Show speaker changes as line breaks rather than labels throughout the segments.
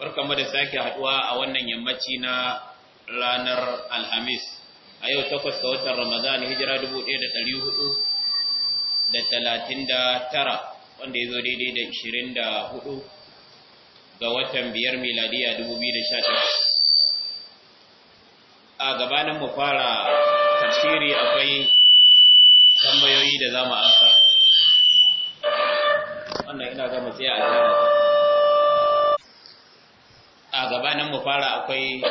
barkanmu da sake haduwa a wannan yammaci na ranar alhamis a yau takwas ga watan ramadan hijira 1439 wanda ya zo daidai da 24 ga watan biyar miladiya 2018 a gabanin mu fara tafsiri akwai tambayoyi da za mu amsa wannan ina gama sai a jami'a a gabanin mu fara akwai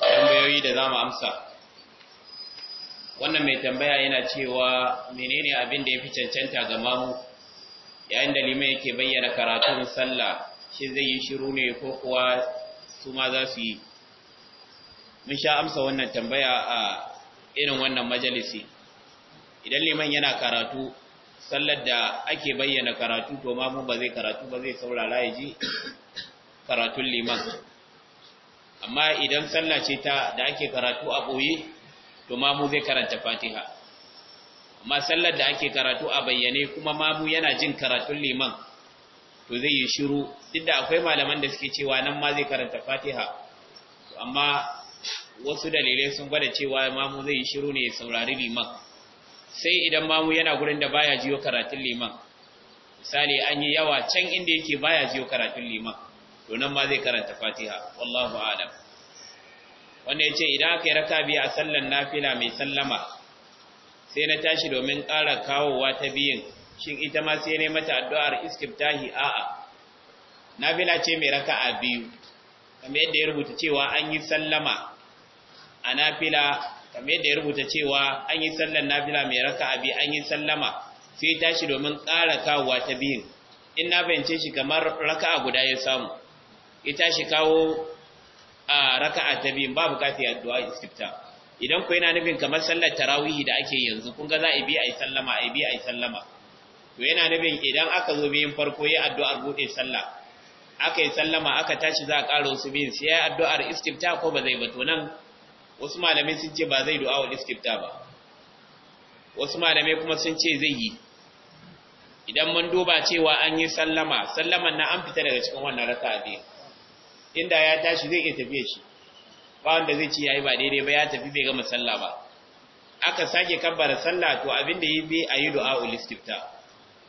tambayoyi da za mu amsa wannan mai tambaya yana cewa menene abin da ya fi cancanta ga mamu yayin da liman yake bayyana karatun sallah shi zai yi shiru ne ko kuwa su ma za su yi mun sha amsa wannan tambaya a irin wannan majalisi idan liman yana karatu sallar da ake bayyana karatu to mamu ba zai karatu ba zai saurara ya ji karatun liman amma idan sallah ce ta da ake karatu a boye to mamu zai karanta fatiha amma sallar da ake karatu a bayyane kuma mamu yana jin karatun liman to zai yi shiru duk da akwai malaman da suke cewa nan ma zai karanta fatiha amma wasu dalilai sun gwada cewa mamu zai yi shiru ne saurari liman sai idan mamu yana gurin da baya jiyo karatun liman misali an yi yawa can inda yake baya jiyo karatun liman to nan ma zai karanta fatiha wallahu alam wanda yace idan aka yi raka biyu a sallan nafila mai sallama sai na tashi domin ƙara kawowa ta biyin shin ita ma sai ne mata addu'ar iskiftahi a'a nafila ce mai raka a biyu kamar yadda ya rubuta cewa an yi sallama a nafila kamar yadda ya rubuta cewa an yi sallan nafila mai raka a biyu an yi sallama sai tashi domin ƙara kawowa ta biyin in na fahimce shi kamar raka'a guda ya samu ita shi kawo a raka'a ta biyu babu bukatar addu'a iskifta. idan ku yana nufin kamar sallar tarawihi da ake yanzu kun ga za a bi ai sallama a bi ai sallama to yana nufin idan aka zo biyun farko ya addu'ar bude sallah aka yi sallama aka tashi za a ƙara wasu biyun sai ya addu'ar iskifta, ko ba zai ba to nan wasu malamai sun ce ba zai du'a wa iskifta ba wasu malamai kuma sun ce zai yi idan mun duba cewa an yi sallama sallaman na an fita daga cikin wannan raka'a biyu inda ya tashi zai iya tafiye shi ba wanda zai ce yi ba daidai ba ya tafi bai gama sallah ba aka sake kabbara sallah to abin da yi bi a yi du'a ul istifta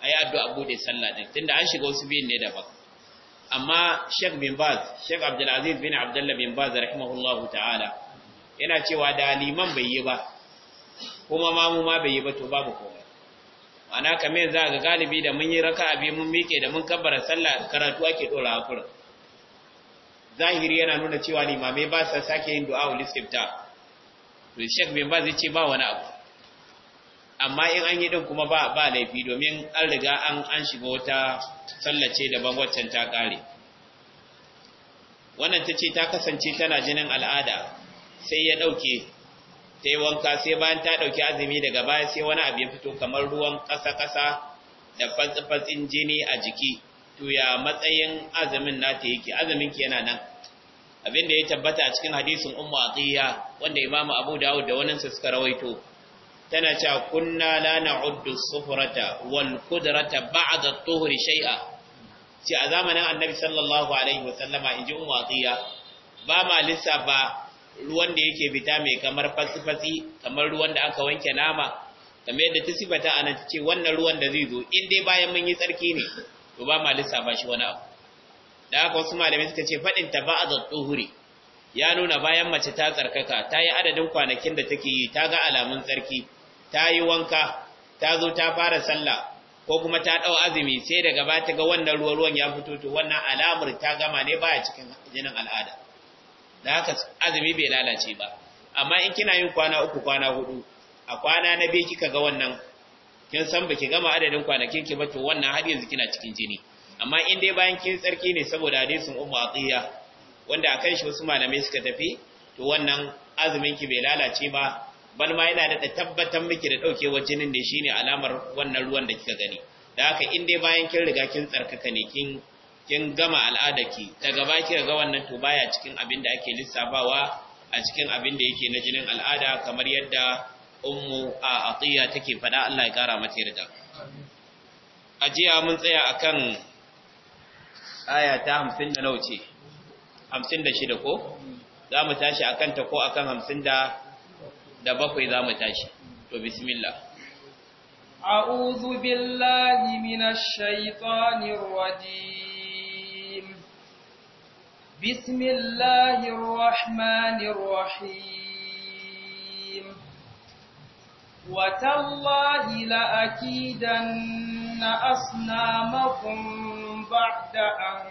ayi addu'a bude sallah din tunda an shiga wasu biyun ne ba amma Sheikh bin Baz Sheikh Abdul Aziz bin Abdullah bin Baz rahimahullahu ta'ala yana cewa da liman bai yi ba kuma mamu ma bai yi ba to babu komai ana kamar yanzu ga galibi da mun yi raka'a bi mun mike da mun kabbara sallah karatu ake dora hakurin zahiri yana nuna cewa limamai ba sa sake yin du'a wa istifta to shek bin ba zai ce ba wani abu amma in an yi din kuma ba ba laifi domin an riga an an shiga wata sallace daban waccan ta kare wannan tace ta kasance tana jinin al'ada sai ya dauke ta yi wanka sai bayan ta dauki azumi daga baya sai wani abu ya fito kamar ruwan kasa-kasa da fatsi-fatsin jini a jiki to ya matsayin azumin nata yake azumin ki yana nan abin da ya tabbata a cikin hadisin ummu aqiya wanda imamu abu da'ud da wannan suka rawaito tana cewa kunna la na'uddu sufrata wal qudrata ba'da tuhri shay'a ce a zamanin annabi sallallahu alaihi wasallama inji ummu aqiya ba ma lissafa ruwan da yake fita mai kamar fasifasi kamar ruwan da aka wanke nama kamar yadda ta sifata nan ce wannan ruwan da zai zo in dai bayan mun yi tsarki ne to ba ma lissafa shi wani abu da aka wasu malamai suka ce faɗin ta ba a zatsuhuri ya nuna bayan mace ta tsarkaka ta yi adadin kwanakin da take yi ta ga alamun tsarki ta yi wanka ta zo ta fara sallah ko kuma ta ɗau azumi sai daga ba ta ga wannan ruwa ruwan ya fito to wannan alamar ta gama ne baya cikin jinin al'ada da haka azumi bai lalace ba amma in kina yin kwana uku kwana hudu a kwana na biyu kika ga wannan kin san baki gama adadin kwanakin ki ba to wannan har yanzu kina cikin jini amma in dai bayan kin tsarki ne saboda hadisin ummu aqiya wanda akan shi wasu malamai suka tafi to wannan azumin ki bai lalace ba bal ma yana da tabbatar miki da daukewa jinin ne shine alamar wannan ruwan da kika gani da haka in dai bayan kin riga kin tsarkaka ne kin kin gama al'adarki daga ba kika ga wannan to baya cikin abin da ake lissafawa a cikin abin da yake na jinin al'ada kamar yadda ummu a atiya take fada Allah ya kara mata yarda ajiya mun tsaya akan aya ta 50 da nauce 56 ko za mu tashi akan ta ko akan 50 da da bakwai za mu tashi to bismillah
a'udhu billahi minash shaitanir rajim bismillahir rahmanir rahim وتالله لأكيدن أصنامكم بعد أن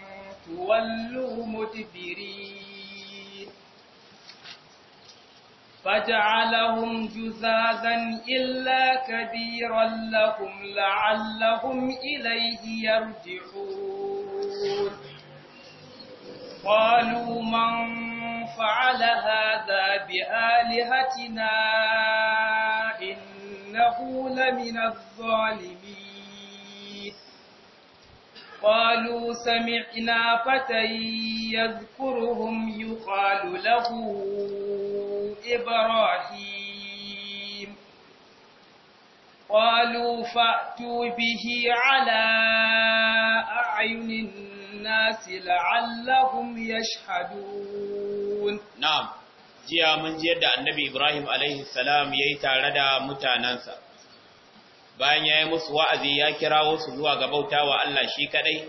تولوا مدبرين فجعلهم جزازا إلا كبيرا لهم لعلهم إليه يرجعون قالوا من فعل هذا بآلهتنا إنه لمن الظالمين قالوا سمعنا فتى يذكرهم يقال له إبراهيم قالوا فأتوا به على أعين الناس لعلهم يشهدون
نعم jiya mun ji yadda annabi Ibrahim alaihi salam ya tare da mutanansa. bayan yayi musu wa'azi ya kirawo su zuwa ga bautawa Allah shi kaɗai,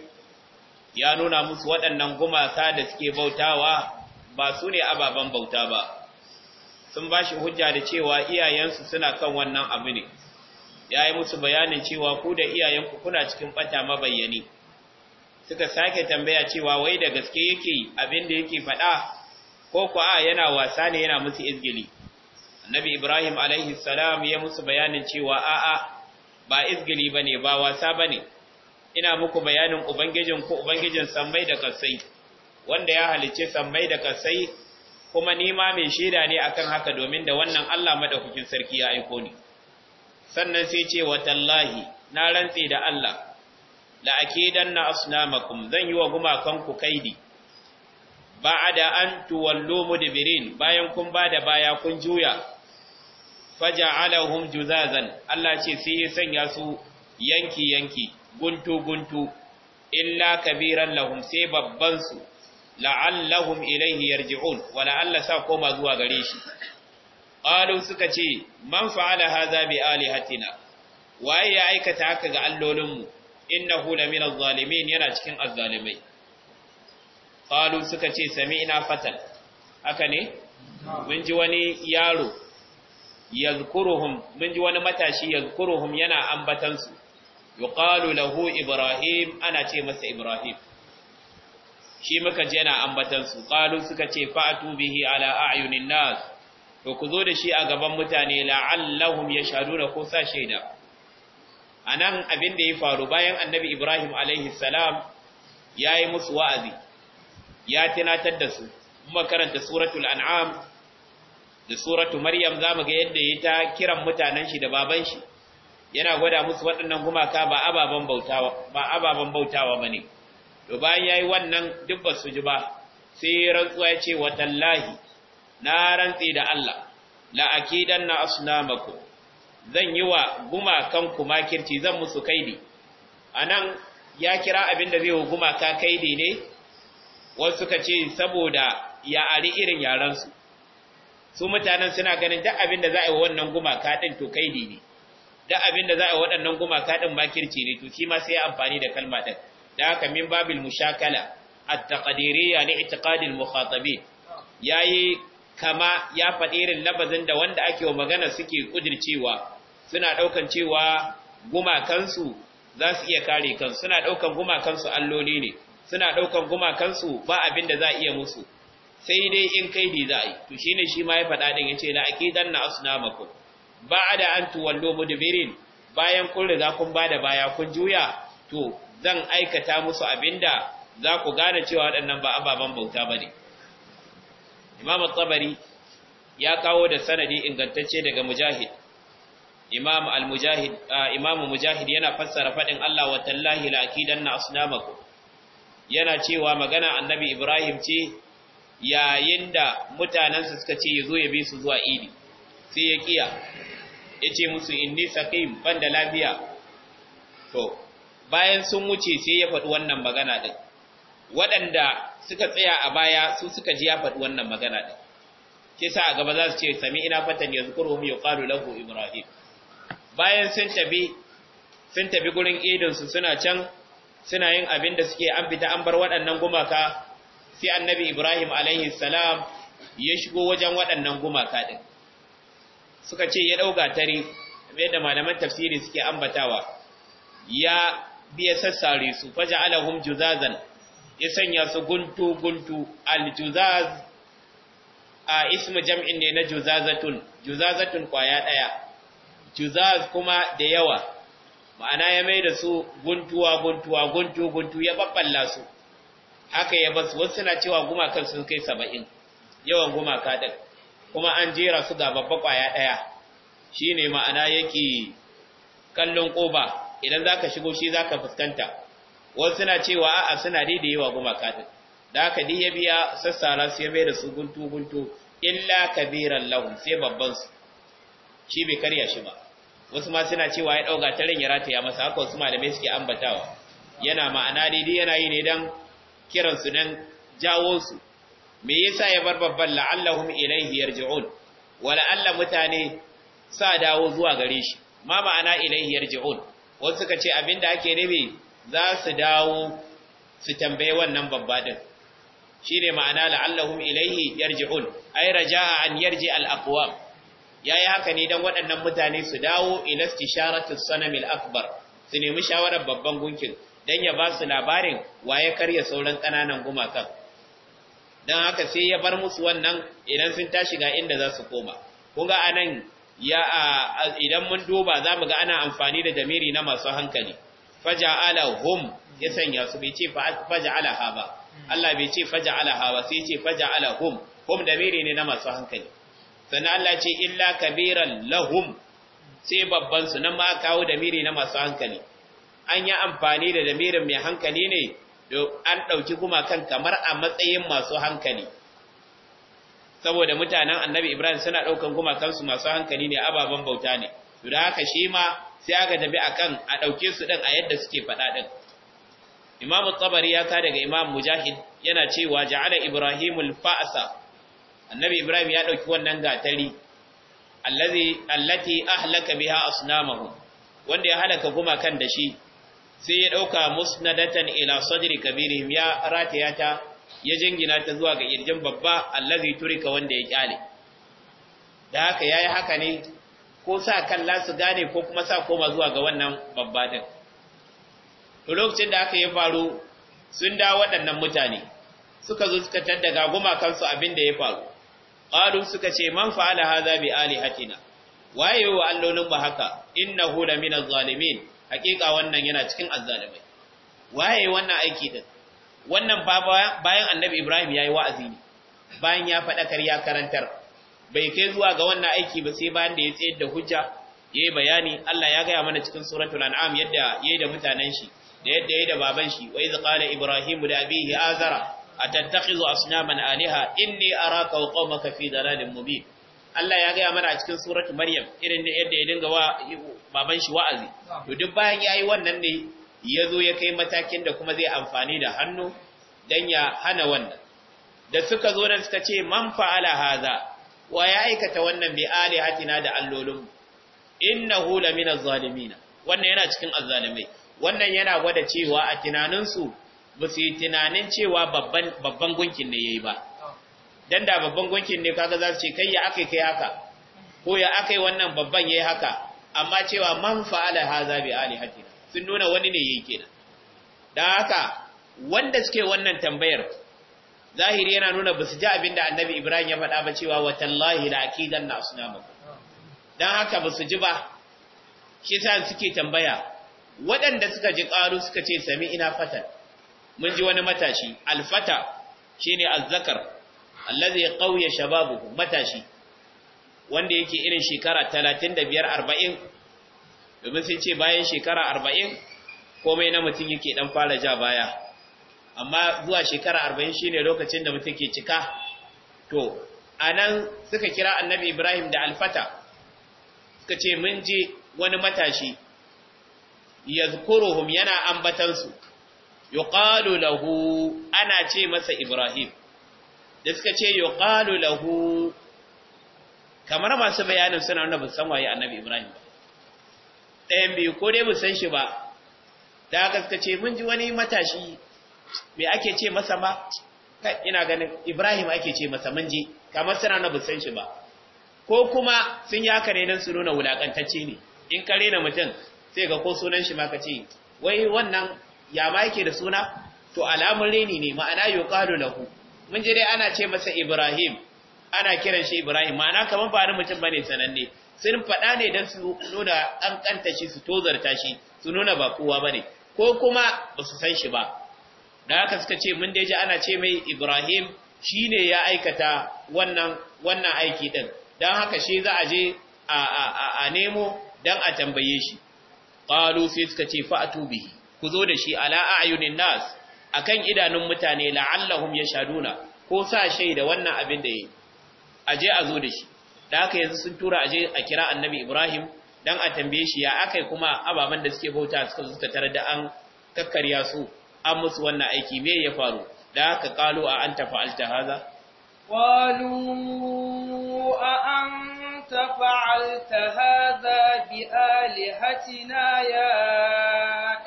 ya nuna musu waɗannan gumasa da suke bautawa ba su ne ababen bauta ba, sun ba shi hujja da cewa iyayensu suna kan wannan abu ne, ya yi musu bayanin cewa ku da iyayenku kuna cikin ɓata mabayyani. Suka sake tambaya cewa wai da gaske yake abin da yake faɗa ko ko a yana wasa ne yana musu izgili annabi ibrahim alaihi salam ya musu bayanin cewa a a ba izgili bane ba wasa bane ina muku bayanin ubangijin ko ubangijin sammai da kasai wanda ya halice sammai da kasai kuma ni mai shaida ne akan haka domin da wannan Allah madaukakin sarki ya aiko ni sannan sai ce wa tallahi na rantse da Allah la akidanna asnamakum zan yi wa gumakan ku kaidi ba'da an tuwallu mudbirin bayan kun bada baya kun juya faja'alahum juzazan Allah ce sai ya sanya su yanki yanki guntu guntu illa kabiran lahum sai babban su la'allahum ilayhi yarji'un wa la'alla sa koma zuwa gare shi qalu suka ce man fa'ala hadha bi alihatina waye ya aikata haka ga allolinmu innahu az zalimin yana cikin azzalimai Kalu suka ce ina fatan haka ne mun ji wani yaro yazkuruhum mun ji wani matashi yalkuruhun yana ambatansu, su lahu ibrahim ana ce masa ibrahim shi muka ji yana ambatansu, ƙalu suka ce fa'atu bihi ala a'yunin nas to ku zo da shi a gaban mutane la'allahum da ko sa shaida A nan, abin da ya faru bayan annabi ibrahim alaihi ya yi musu wa'azi ya tinatar da su makaranta suratul an'am da suratu maryam zamu ga yadda yayi ta kiran mutanen shi da baban shi yana gwada musu waɗannan gumaka ba ababan bautawa ba ababan bautawa bane to bayan yayi wannan duk su ji ba sai rantsuwa ya ce wa tallahi na rantsi da Allah la akidanna asnamakum zan yi wa gumakan ku makirci zan musu kaidi anan ya kira abin da zai wa gumaka kaidi ne wasu ka ce saboda ya ari irin yarensu su mutanen suna ganin duk abin da za a yi wannan gumaka din to kaidi ne duk abin da za a yi waɗannan gumaka ɗin makirci ne to shi ma sai amfani da kalma din da haka min babil mushakala at-taqdiriyya li i'tiqadil Ya yayi kama ya faɗi irin labazin da wanda ake wa magana suke kudircewa suna ɗaukan cewa gumakansu za su iya kare kansu suna ɗaukan gumakansu alloli ne suna ɗaukar gumakansu ba abin da za a iya musu sai dai in kai bi za a yi to shine shi ma ya faɗa din yace la aqidan na asnamakum ba'da an tuwallu mudbirin bayan kun riga kun bada baya kun juya to zan aikata musu abinda za ku gane cewa waɗannan ba ababen bauta bane Imam At-Tabari ya kawo da sanadi ingantacce daga Mujahid Imam Al-Mujahid Imam Mujahid yana fassara fadin Allah wa tallahi la aqidan na asnamakum yana cewa magana annabi Ibrahim ce yayin da mutanensa suka ce yazo ya bi su zuwa idi sai ya kiya yace musu inni saqim banda da lafiya to bayan sun wuce sai ya faɗi wannan magana din waɗanda suka tsaya a baya su suka ji ya faɗi wannan magana din kisa a gaba za su ce sami ina fatan ya ya yuqalu lahu Ibrahim bayan sun tabi sun tafi gurin idinsu suna can suna yin abin da suke an fita an bar waɗannan gumaka sai annabi Ibrahim alaihi salam ya shigo wajen waɗannan gumaka din suka ce ya ɗauka tare kamar da malaman tafsiri suke ambatawa ya biya sassare su faja faja'alahum juzazan ya sanya su guntu guntu al-juzaz a ismu jam'in ne na juzazatun juzazatun kwaya ɗaya juzaz kuma da yawa ma'ana ya mai da su guntuwa guntuwa guntu guntu ya babbala su haka ya basu wasu na cewa gumakan sun kai saba'in yawan gumaka ɗin kuma an jera su ga babba ƙwaya ɗaya shi ne ma'ana yake kallon ƙoba idan za ka shigo shi za ka fuskanta wasu suna cewa a'a suna daidaiwa gumaka ɗin da haka di ya biya sassara su ya mai da su guntu guntu illa kabiran lahun sai babbansu. su shi bai karya shi ba wasu ma suna cewa ya dauka ta ran ya rataya masa haka wasu malamai suke ambatawa yana ma'ana dai-dai, yana yi ne dan kiransu su jawo su me yasa ya bar babban la'allahum ilaihi yarji'un wala alla mutane sa dawo zuwa gare shi ma ma'ana ilaihi yarji'un wasu suka ce abinda ake rabi za su dawo su tambaye wannan babba din shine ma'ana la'allahum ilaihi yarji'un ay raja'a an yarji al-aqwam Ya yi haka ne don waɗannan mutane su dawo ila istisharatu sanamil akbar su nemi shawarar babban gunkin dan ya ba su labarin waye karya sauran kananan gumakan dan haka sai ya bar musu wannan idan sun tashi ga inda za su koma kun ga anan ya idan mun duba za mu ga ana amfani da damiri na masu hankali faja'alahum ya sanya su bai ce faja'alaha ba hmm. Allah bai ce faja'alaha ba sai ce faja'alahum hum damiri ne na masu hankali sannan Allah ce illa kabiran lahum sai babban su nan ma kawo damiri na masu hankali an yi amfani da damirin mai hankali ne an ɗauki gumakan kamar a matsayin masu hankali saboda mutanen annabi ibrahim suna ɗaukan gumakansu masu hankali ne ababen bauta ne da haka shi ma sai aka tafi akan a ɗauke su ɗin a yadda suke faɗa ɗin imamu tsabari ya ka daga imam mujahid yana cewa ja'ala ibrahimul fa'asa annabi ibrahim ya dauki wannan gatari allazi allati ahlaka biha asnamahu wanda ya halaka gumakan da shi sai ya dauka musnadatan ila sadri kabirihim ya rataya ta ya jingina ta zuwa ga irjin babba allazi turika wanda ya kyale da haka yayi haka ne ko sa kalla su gane ko kuma sa koma zuwa ga wannan babba din to lokacin da aka yi faru sun da waɗannan mutane suka zo suka taddaga gumakansu abin da ya faru qalu suka ce man fa'ala hadha bi alihatina waye wa allonin ba haka innahu la min zalimin hakika wannan yana cikin azzalimai waye wannan aiki din wannan bayan annabi ibrahim yayi wa'azi ne bayan ya faɗakar ya karantar bai kai zuwa ga wannan aiki ba sai bayan da ya tsayar da hujja yayi bayani Allah ya gaya mana cikin suratul an'am yadda yayi da mutanen shi da yadda yayi da baban shi wa iz qala ibrahim li abihi azara atattakhizu asnaman aliha inni araka wa qaumaka fi dalalin mubin Allah ya gaya mana a cikin suratu Maryam irin da yadda ya dinga wa baban shi wa'azi to duk bayan yayi wannan ne yazo ya kai matakin da kuma zai amfani da hannu dan ya hana wannan da suka zo nan suka ce man fa'ala haza wa ya aikata wannan bi alihatina da allolin innahu lamina zalimin wannan yana cikin azzalimai wannan yana gwada cewa a tunaninsu ba su yi tunanin cewa babban gunkin ne ya yi ba don da babban gunkin ne kaga za su ce kai ya aka kai haka ko ya aka yi wannan babban ya yi haka amma cewa man fa'ala haza bi alihatina sun nuna wani ne ya yi kenan Da haka wanda suke wannan tambayar zahiri yana nuna ba su ji abinda annabi ibrahim ya faɗa ba cewa watan da ake gan na ba. dan haka ba su ji ba shi sa suke tambaya waɗanda suka ji ƙaru suka ce sami ina fatan mun ji wani matashi alfata shine azzakar allazi qawya shababuhu matashi wanda yake irin shekara 35 40 domin sun ce bayan shekara 40 komai na mutum yake dan fara ja baya amma zuwa shekara 40 shine lokacin da mutum ke cika to anan suka kira annabi Ibrahim da alfata suka ce mun ji wani matashi yazkuruhum yana ambatansu yuqalu lahu ana ce masa Ibrahim da suka ce yuqalu lahu kamar masu bayanin suna nuna ba san waye annabi Ibrahim ɗayan biyu ko dai ba san shi ba da haka suka ce mun ji wani matashi me ake ce masa kai ina ganin Ibrahim ake ce masa mun ji kamar suna nuna ba san shi ba ko kuma sun yi haka ne don su nuna wulakantacce ne in kare na mutum sai ga ko sunan shi ma ka ce wai wannan ya ma yake da suna to alamun reni ne ma'ana yuqalu lahu mun je dai ana ce masa Ibrahim ana kiran shi Ibrahim ma'ana kaman ba wani mutum bane sananne sun faɗa ne dan su nuna kanta shi su tozarta shi su nuna ba kowa bane ko kuma ba su san shi ba da haka suka ce mun dai ji ana ce mai Ibrahim shine ya aikata wannan wannan aiki din dan haka shi za a je a a a nemo dan a tambaye shi qalu sai suka ce fa'atu bihi ku zo da shi ala ayunin nas akan idanun mutane la'allahum yashaduna ko sa shaida wannan abin da yi aje a zo da shi da haka yanzu sun tura aje a kira annabi Ibrahim dan a tambaye shi ya akai kuma ababan da suke bauta suka zo ta tarar da an kakkarya su an musu wannan aiki me ya faru da haka qalu a anta fa'alta hadha
qalu a anta كنت فعلت هذا بآلهتنا يا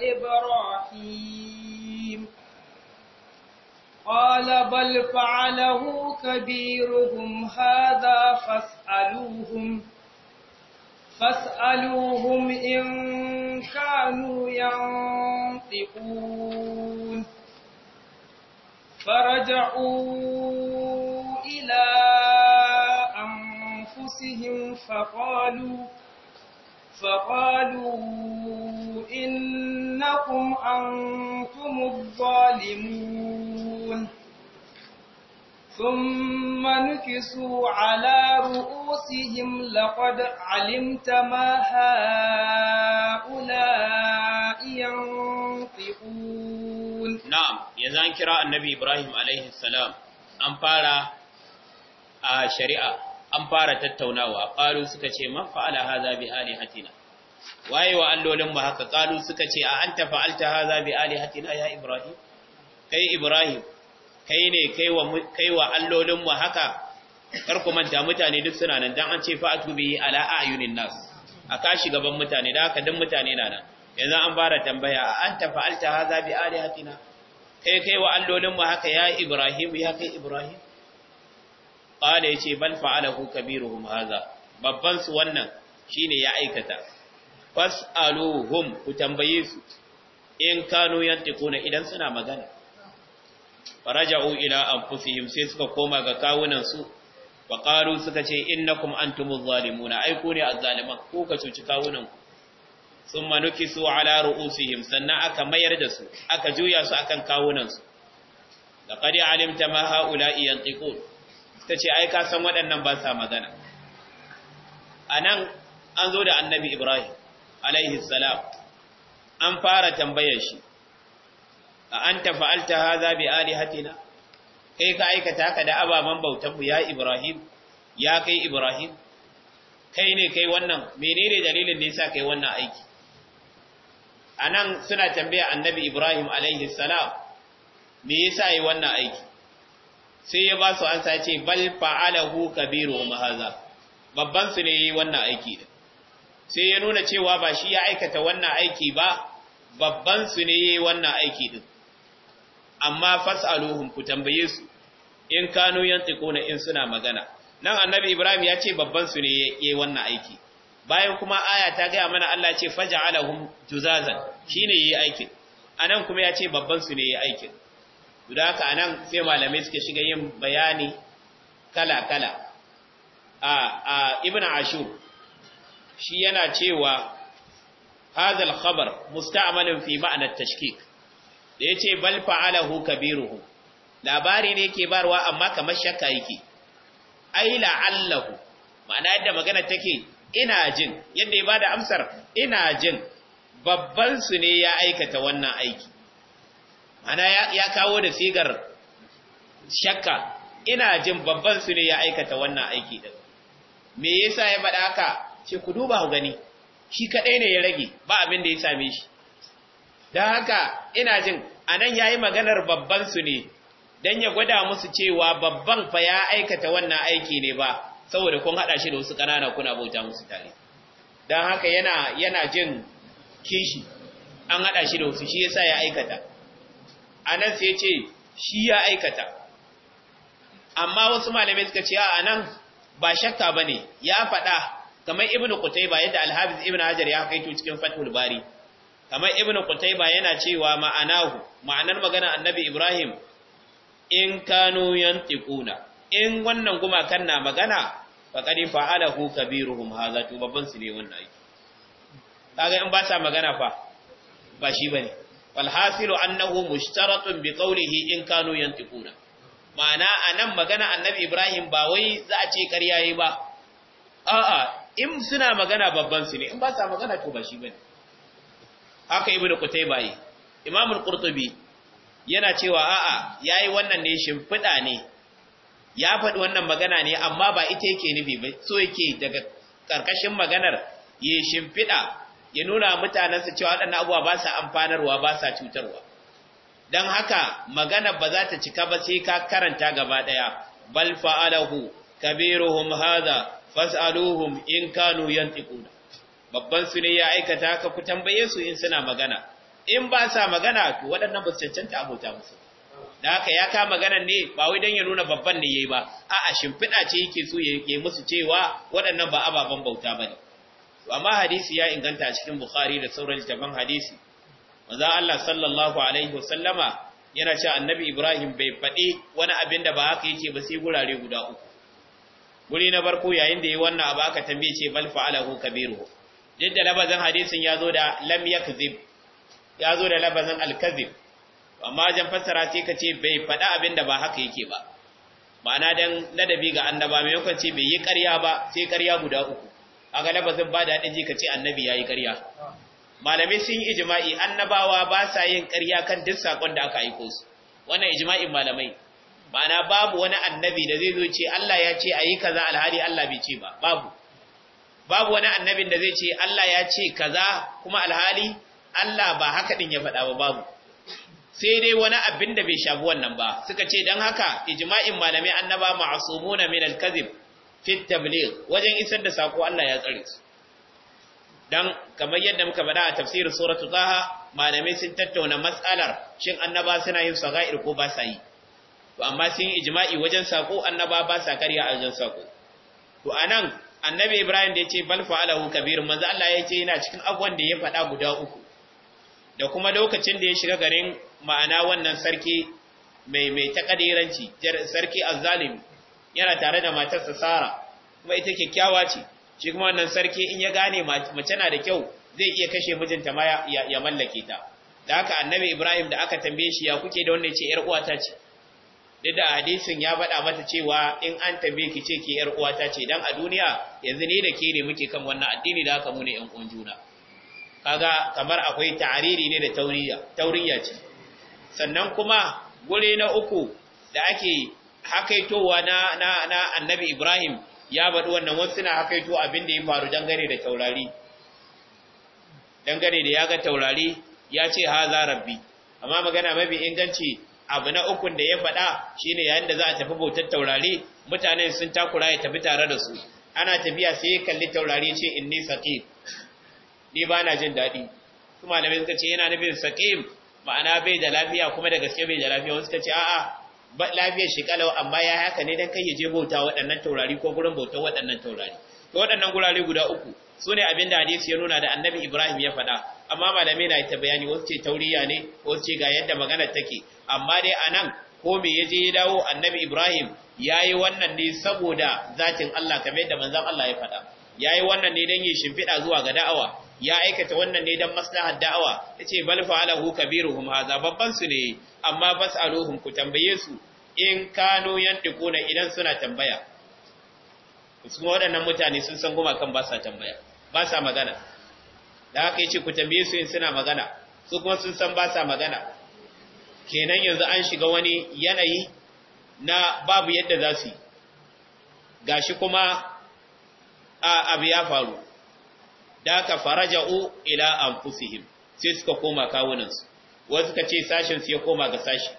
إبراهيم قال بل فعله كبيرهم هذا فاسألوهم فاسألوهم إن كانوا ينطقون فرجعوا إلى أنفسهم فقالوا فقالوا إنكم أنتم الظالمون ثم نكسوا على رؤوسهم لقد علمت ما هؤلاء ينطقون
نعم يزان كراء النبي إبراهيم عليه السلام أمبارا آه، شريعة an fara tattaunawa qalu suka ce man fa'ala hadha bi hatina waye wa allolin haka qalu suka ce a anta fa'alta hadha bi hatina ya ibrahim kai ibrahim kai ne kai wa kai wa allolin mu haka kar ku manta mutane duk suna nan dan an ce fa'atu bi ala ayunin nas a kashi gaban mutane da haka dan mutane na nan yanzu an fara tambaya a anta fa'alta hadha bi hatina kai kai wa allolin mu haka ya ibrahim ya kai ibrahim ya ce bal fa'alahu kabiruhum haza. babban su wannan ne ya aikata fas'aluhum ku tambaye su in kanu yantiquna idan suna magana faraja'u ila anfusihim sai suka koma ga kawunansu. ba ƙaru suka ce an tumu zalimuna ai ku ne zaliman ko ka cuci kawunan ku thumma nukisu ala ru'usihim sannan aka mayar da su aka juya su akan kawunansu. da laqad alimta ma ha'ula'i yantiqun ta ce ai ka san waɗannan ba sa magana a nan an zo da annabi ibrahim alaihi salam an fara tambayar shi a an tafa'alta haza bi alihatina kai eh, ka aikata ka da ababen bautanmu ya ibrahim ya kai ibrahim kai ne kai wannan menene dalilin da yasa kai wannan aiki anan suna tambaya annabi ibrahim alaihi salam me yasa yi wannan aiki sai ya ba su an ce bal fa'alahu kabiru mahaza babban su ne yi wannan aiki sai ya nuna cewa ba shi ya aikata wannan aiki ba babban su ne yi wannan aiki din amma fas'aluhum ku tambaye su in kanu yantiquna in suna magana nan annabi ibrahim ya ce babban su ne yi wannan aiki bayan kuma aya ta gaya mana Allah ce faja'alahum juzazan shine yi aikin anan kuma ya ce babban su ne yi aikin Guda haka nan sai malamai suka shiga yin bayani kala-kala. A Ibn Ashur shi yana cewa Hazal khabar musta'malun fi ma'anar tashkik da yace bal fa'alahu kabiruhu labari ne ke barwa amma kamar shakka yake ai la'allahu ma'ana yadda magana take ina jin yadda ya bada amsar ina jin babban su ne ya aikata wannan aiki ana ya kawo da sigar shakka ina jin babban su ne ya aikata wannan aiki din me yasa ya faɗa haka ce ku duba ku gani shi kadai ne ya rage ba abin da ya same shi don haka ina jin anan yayi maganar babban su ne dan ya gwada musu cewa babban fa ya aikata wannan aiki ne ba saboda kun hada shi da wasu kanana kuna bauta musu tare dan haka yana yana jin kishi an hada shi da wasu shi yasa ya aikata a nan sai ce shi ya aikata amma wasu malamai suka ce a nan ba shakka bane ya faɗa kamar ibn kutaiba yadda alhabis ibn hajar ya kaito cikin fatul bari kamar ibn kutaiba yana cewa ma'anahu ma'anar magana annabi ibrahim in kanu yantiquna in wannan gumakan na magana faqad fa'alahu kabiruhum hadha to ne wannan aiki kaga in ba sa magana fa ba shi bane فالحاصل annahu مشترط بقوله qawlihi كانوا ينتقون معنى ma'ana مغانا magana annabi Ibrahim ba wai za a ce ƙarya yayi ba a'a in suna magana babban su ne in ba sa magana to ba shi bane haka ibnu kutayba yi imam yana cewa a'a yayi wannan ne shimfida ne ya faɗi wannan magana ne amma ba ita yake nufi ba so yake daga karkashin maganar ya shimfiɗa. ya nuna mutanensa cewa waɗannan abuwa ba sa amfanarwa ba sa cutarwa don haka magana ba za ta cika ba sai ka karanta gaba ɗaya bal fa'alahu kabiruhum haza, fas'aluhum in kanu yantiquna babban su ne ya aikata ka ku tambaye su in suna magana in ba sa magana to waɗannan ba su cancanta abota musu da haka ya ka magana ne ba wai don ya nuna babban ne yi ba a'a shimfiɗa ce yake so ya musu cewa waɗannan ba ababen bauta ba ne. amma hadisi ya inganta cikin bukhari da sauran littafan hadisi manzo Allah sallallahu alaihi wasallama yana cewa annabi Ibrahim bai faɗi wani abin da ba haka yake ba sai gurare guda uku guri na barko yayin da yi wannan abu aka tambaye ce bal fa'alahu kabiru duk da hadisin ya da lam yakzib ya da labazan alkazib amma jan fassara sai ka ce bai faɗi abin da ba haka yake ba ma'ana dan ladabi ga annaba mai yakan ce bai yi ƙarya ba sai ƙarya guda uku a ga zan ba da haɗin ji ka ce annabi ya yi ƙarya Malami sun yi ijima'i annabawa ba sa yin karya kan duk saƙon da aka aiko su wannan ijima'in malamai ma'ana babu wani annabi da zai zo ce Allah ya ce a yi kaza alhali Allah bai ce ba babu babu wani annabin da zai ce Allah ya ce kaza kuma alhali Allah ba haka ɗin ya faɗa ba babu sai dai wani abin da bai shafi wannan ba suka ce don haka ijima'in malamai annaba ma'sumuna min al fit tabligh wajen isar da sako Allah ya tsare su dan kamar yadda muka bada a tafsirin suratu taha malamai sun tattauna matsalar shin annaba suna yin sagair ko ba sa yi to amma sun ijma'i wajen sako annaba ba sa karya a wajen sako to anan annabi ibrahim da yace bal fa'alahu kabir manzo Allah ce yana cikin abubuwan da ya faɗa guda uku da kuma lokacin da ya shiga garin ma'ana wannan sarki mai mai takadiranci sarki azzalim yana tare da matarsa Sara kuma ita kyakkyawa ce shi kuma wannan sarki in ya gane mace na da kyau zai iya kashe mijinta ma ya mallake ta da haka annabi Ibrahim da aka tambaye shi ya kuke da wannan ce yar uwata ce duk da hadisin ya faɗa mata cewa in an tambaye ki ce ki yar uwata ce dan a duniya yanzu ne da ke ne muke kan wannan addini da haka mu ne juna kaga kamar akwai ta'ariri ne da tauriya tauriya ce sannan kuma gure na uku da ake hakaitowa na na na annabi Ibrahim ya baɗi, wannan wasu suna hakaito abin da ya faru dangane da taurari dangane da ya ga taurari ya ce haza rabbi amma magana mafi inganci abu na ukun da ya faɗa shine yayin da za a tafi bautar taurari mutane sun takura ya tafi tare da su ana tafiya sai ya kalli taurari ce inni saqim ni ba na jin daɗi kuma malamai suka ce yana nufin saqim ma'ana bai da lafiya kuma da gaske bai da lafiya wasu suka ce a'a lafiyar shi kalau amma ya haka ne dan kai ya je bauta waɗannan taurari ko gurin bautar waɗannan taurari to waɗannan gurare guda uku su ne abin da hadisi ya nuna da annabi Ibrahim ya faɗa amma malamai na ta bayani wasu ce tauriya ne wasu ce ga yadda magana take amma dai a nan, ko me ya je ya dawo annabi Ibrahim ya yi wannan ne saboda zatin Allah kamar yadda manzon Allah ya faɗa ya yi wannan ne don yi shimfiɗa zuwa ga da'awa ya aikata wannan ne dan maslahar da'awa yace bal fa'alahu kabiruhum hadha babban su ne amma bas'aluhum ku tambaye su in kano yantikuna idan suna tambaya su waɗannan mutane sun san goma kan ba sa tambaya ba sa magana da haka yace ku tambaye su in suna magana su kuma sun san ba sa magana kenan yanzu an shiga wani yanayi na babu yadda za su yi gashi kuma abu ya faru da aka faraja'u ila anfusihim sai suka koma su. wasu suka ce sashin su ya koma ga sashi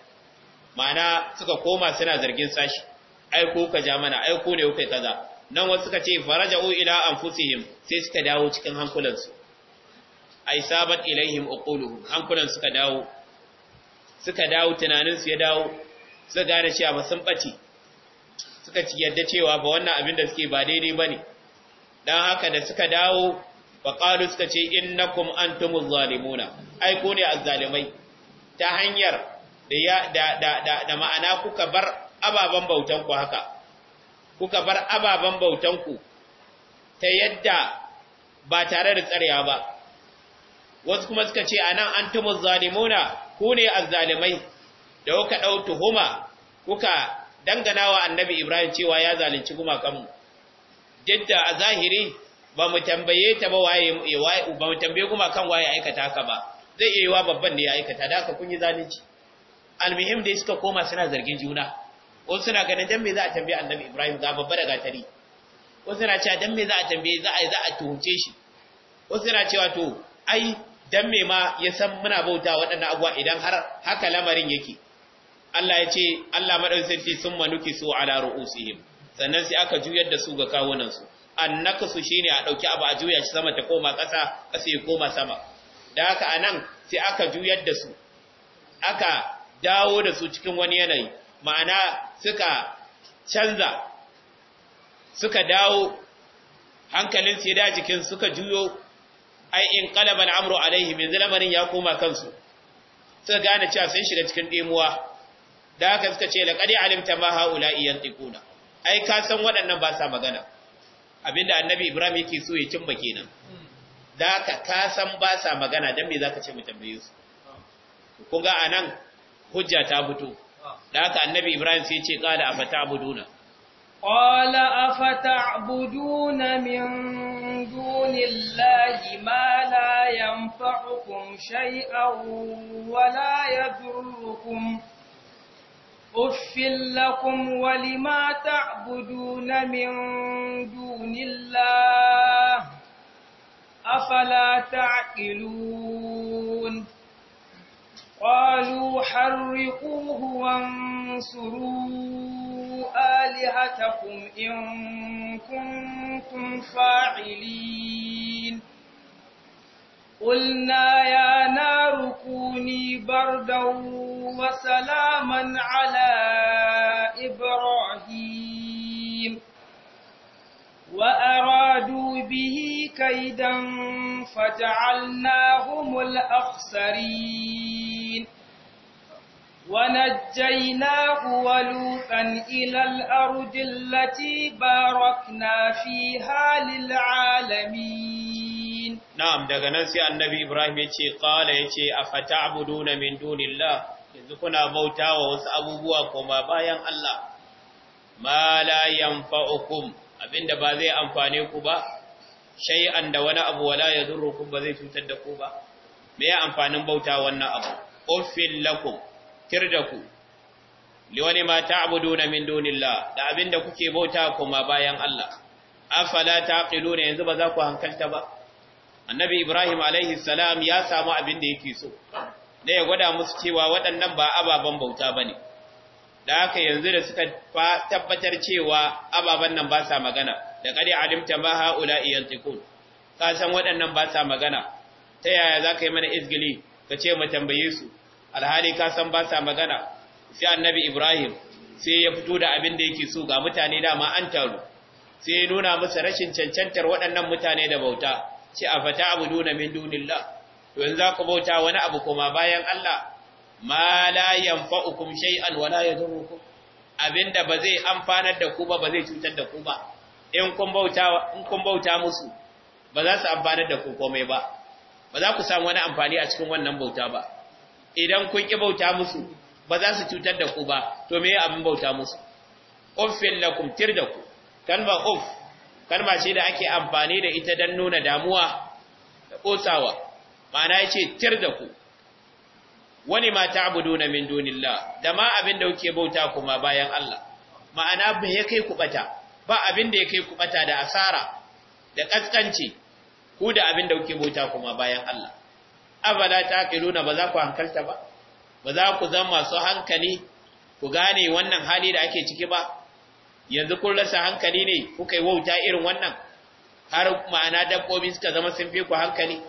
ma'ana suka koma suna zargin sashi ai ko ka ja mana ai ko ne kai kaza nan wasu suka ce faraja'u ila anfusihim sai suka dawo cikin hankulansu ai sabat ilaihim uquluhum hankulan suka dawo suka dawo tunaninsu ya dawo suka gane cewa a sun bace suka ci yadda cewa ba wannan abin da suke ba daidai bane dan haka da suka dawo faƙalu suka ce innakum antumuz zalimuna ai ko ne azzalimai ta hanyar da ma'ana kuka bar ababen bautan ku haka kuka bar ababen bautan ku ta yadda ba tare da tsariya ba wasu kuma suka ce anan antumuz zalimuna ku ne azzalimai da kuka dau tuhuma kuka danganawa annabi Ibrahim cewa ya zalunci gumakanmu duk da a zahiri ba mu tambaye ta ba eh, waye ba mu tambaye kuma kan waye aikata haka ba zai iya yiwa babban ne ya aikata da haka kun yi zalunci almuhim dai suka koma suna zargin juna wasu suna ganin dan me za a tambaye annabi Ibrahim ga babba da gatari wasu suna cewa dan me za a tambaye za a za a tuhunce shi wasu suna cewa to ai dan me ma ya san muna bauta waɗannan abuwa idan har haka lamarin yake Allah ya ce Allah madaukakin sun manuki su ala ru'usihim sannan sai aka juyar da su ga kawunan su annakasu shine a dauki abu a juya shi sama ta koma ƙasa ƙasa ya koma sama da haka anan sai aka juyar da su aka dawo da su cikin wani yanayi ma'ana suka canza suka dawo hankalin sai da jikin suka juyo ai in qalaba al'amru alaihi yanzu lamarin ya koma kansu suka gane cewa sun shiga cikin demuwa da haka suka ce laqad alimta ma haula yantiquna ai ka san waɗannan ba sa magana Abin da annabi Ibrahim yake so ya cimma kenan da ka ka san ba sa magana dan me zaka ce mu tambaye su kun ga anan hujja ta fito da haka annabi Ibrahim sai ya ce qala afata
qala afata'buduna abuduna min dunillahi ma la yanfa'ukum shay'an wa la yadurrukum أف لكم ولما تعبدون من دون الله أفلا تعقلون قالوا حرقوه وانصروا آلهتكم إن كنتم فاعلين قلنا يا نار كوني بردا وسلاما على إبراهيم وأرادوا به كيدا فجعلناهم الأخسرين ونجيناه ولوطا إلى الأرض التي باركنا فيها للعالمين
Na'am, daga nan sai annabi Ibrahim yace qala yace afata'buduna min dunillah yanzu kuna bautawa wasu abubuwa koma bayan Allah ma la yanfa'ukum abinda ba zai amfane ku ba shay'an da wani abu wala yadurrukum ba zai cutar da ku ba me ya amfanin bauta wannan abu ufil lakum kirdaku wani ma ta'buduna min dunillah da abinda kuke bauta koma bayan Allah afala taqiluna yanzu ba za ku hankalta ba annabi ibrahim alaihi salam ya samu abin da yake so da ya gwada musu cewa waɗannan ba ababen bauta ba ne da haka yanzu da suka tabbatar cewa ababen nan ba sa magana da kare alimta ma ha'ula iyan tikun ka san waɗannan ba sa magana ta yaya za ka yi mana izgili ka ce mu tambaye su alhali ka san ba sa magana sai annabi ibrahim sai ya fito da abin da yake so ga mutane dama an taru sai ya nuna musu rashin cancantar waɗannan mutane da bauta ce a fata abu duna min dunillah to yanzu za ku bauta wani abu kuma bayan Allah ma la yanfa'ukum shay'an wa la yadurrukum abinda ba zai amfanar da ku ba ba zai cutar da ku ba in kun bauta in kun bauta musu ba za su amfanar da ku komai ba ba za ku samu wani amfani a cikin wannan bauta ba idan kun ki bauta musu ba za su cutar da ku ba to me abin bauta musu uffin lakum tirdaku kalma uff kalma ce da ake amfani da ita don nuna damuwa da ƙosawa ma'ana ya ce tir da ku wani ma ta abu duna min dunilla, da ma abin da kuke bauta kuma bayan Allah ma'ana ba ya kai kuɓata ba abin da ya kai kuɓata da asara da ƙasƙanci ku da abin da kuke bauta kuma bayan Allah abala ta nuna ba za ku hankalta ba ba za ku zama masu hankali ku gane wannan hali da ake ciki ba yanzu kun rasa hankali ne kuka yi wauta irin wannan har ma'ana dabbobi suka zama sun fi ku hankali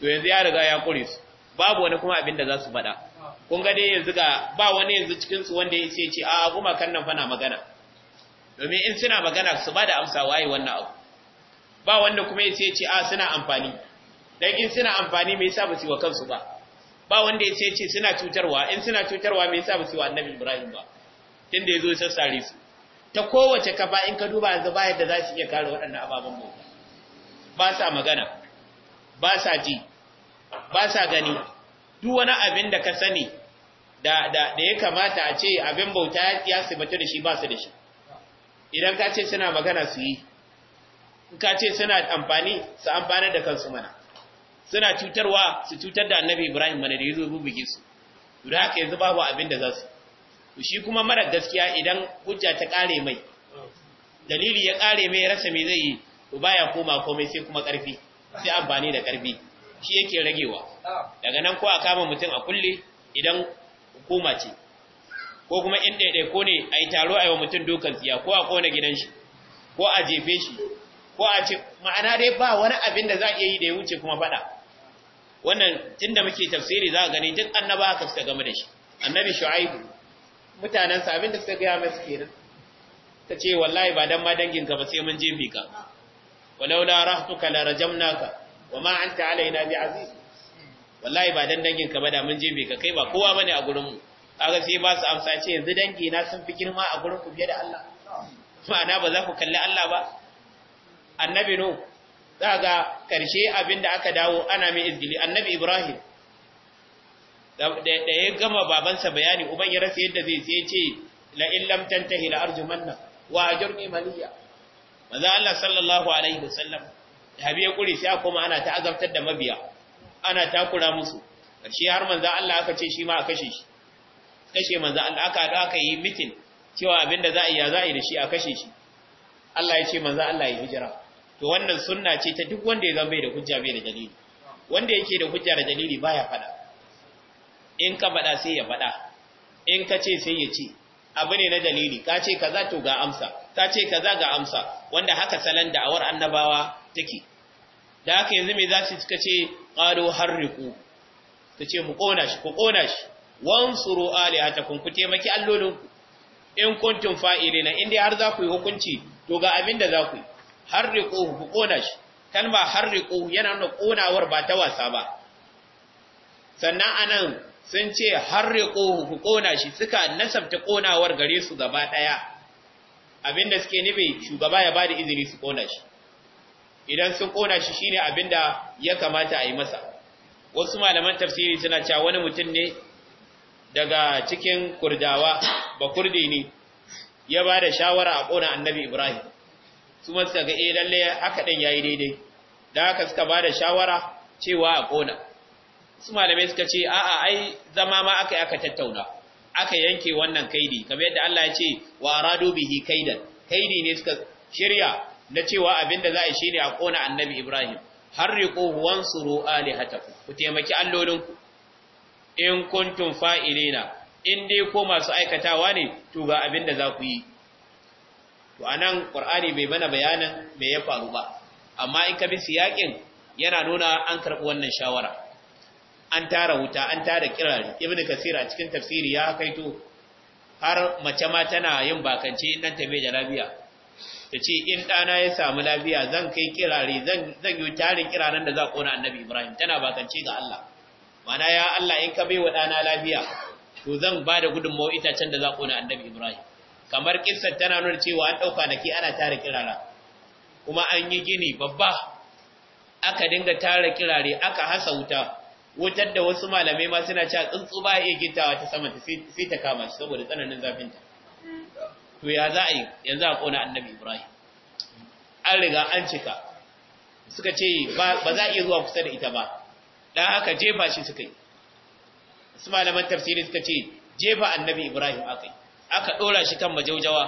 to yanzu ya riga ya kure su babu wani kuma abin da za su faɗa kun ga dai yanzu ga ba wani yanzu cikin su wanda yake ce a kuma kan nan fana magana domin in suna magana su ba da amsa waye wannan abu ba wanda kuma yake ce a suna amfani dan in suna amfani me yasa ba su wa kansu ba ba wanda yake ce suna cutarwa in suna cutarwa me yasa ba su wa annabi Ibrahim ba tunda yazo ya sassare su ta kowace kafa in ka duba yanzu ba yadda za su iya kare waɗannan ababen bauta ba sa magana ba sa ji ba sa gani duk wani abin da ka sani da da da ya kamata a ce abin bauta ya bace da shi ba su da shi idan ka ce suna magana su yi in ka ce suna amfani su amfana da kansu mana suna cutarwa su cutar da annabi ibrahim mana da ya zo bubuge su da haka yanzu babu abin da za su shi kuma mara gaskiya idan hujja ta kare mai dalili ya kare mai rasa mai zai yi to baya koma komai sai kuma karfi sai amfani da karfi shi yake ragewa daga nan ko a kama mutum a kulle idan hukuma ce ko kuma in ɗaiɗai ko ne a yi taro a yi wa mutum dukan tsiya ko a kona gidan shi ko a jefe shi ko a ce ma'ana dai ba wani abin da za a iya yi da ya wuce kuma faɗa wannan tun da muke tafsiri za a gani duk annaba haka suka game da shi annabi shu'aibu mutanensa abinda suka gaya mai su ta ce wallahi ba dan ma danginka ba sai mun jefe ka walau la rahtuka la rajamnaka wa ma anta alaina bi aziz wallahi ba dan danginka ba da mun jefe ka kai ba kowa bane a gurin mu kaga sai ba su amsa ce yanzu dangi na sun fi girma a gurin ku fiye da Allah ma'ana ba za ku kalli Allah ba annabi no za ga karshe abinda aka dawo ana mai izgili annabi Ibrahim da ya gama babansa bayani uban ya rasa yadda zai sai ce la in lam tantahi la arjumanna wa ajurni maliya manzo Allah sallallahu alaihi wasallam habi ya kure sai kuma ana ta azabtar da mabiya ana ta kura musu karshe har manzo Allah aka ce shi ma a kashe shi kashe manzo Allah aka hadu aka yi mitin cewa abinda za a yi za a yi da shi a kashe shi Allah ya ce manzo Allah ya hijira to wannan sunna ce ta duk wanda ya zama bai da hujja bai da dalili wanda yake da hujja da dalili baya fada in ka faɗa sai ya faɗa in ka ce sai ya ce abu ne na dalili ka ce kaza to ga amsa ta ce kaza ga amsa wanda haka salon da'awar annabawa take da haka yanzu me za su suka ce qalu harriqu ta ce mu kona shi ku kona shi wansuru alihatakum ku taimaki allolinku in kuntum fa'ilina na inda har za ku yi hukunci to ga abin da za ku yi harriqu ku kona shi kalma harriqu yana nuna ƙonawar ba ta wasa ba sannan anan sun ce har riƙohu ku ƙona shi suka nasabta ƙonawar gare su gaba ɗaya abinda suke nufi shugaba ya bada izini su ƙona shi idan sun ƙona shi shine da ya kamata a yi masa wasu malaman tafsiri suna cewa wani mutum ne daga cikin kurdawa ba kurdi ne ya ba da shawara a ƙona annabi ibrahim su masu ga eh lalle haka ɗin ya yi daidai da haka suka ba da shawara cewa a ƙona su malamai suka ce a'a ai zama ma aka aka tattauna aka yanke wannan kaidi kamar yadda Allah ya ce wa aradu bihi kaidan kaidi ne suka shirya na cewa abin da za a shine a kona annabi Ibrahim harriquhu wansuru alihatakum ku taimaki allolinku in kuntum fa'ilina in dai ko masu aikatawa ne to ga da za ku yi to anan qur'ani bai bana bayanin me ya faru ba amma in ka bi siyakin yana nuna an karɓi wannan shawara an tara wuta an tara kirari ibnu kasir a cikin tafsiri ya kaito har mace ma tana yin bakance in dan ta bai da in ɗana ya samu lafiya zan kai kirari zan yi tarin kiranan da za kona annabi ibrahim tana bakance ga allah mana ya allah in ka bai wa ɗana lafiya to zan ba da ita itacen da za kona annabi ibrahim kamar kissar tana nuna cewa an ɗauka da ke ana tara kirara kuma an yi gini babba aka dinga tara kirare aka hasa wuta wutar da wasu malamai ma suna cewa tsuntsu ba iya gittawa ta sama sai ta kama shi saboda tsananin zafin ta to ya za a yi yanzu a kona annabi ibrahim an riga an cika suka ce ba za a iya zuwa kusa da ita ba dan haka jefa shi suka yi su malaman tafsiri suka ce jefa annabi ibrahim aka yi aka dora shi kan majaujawa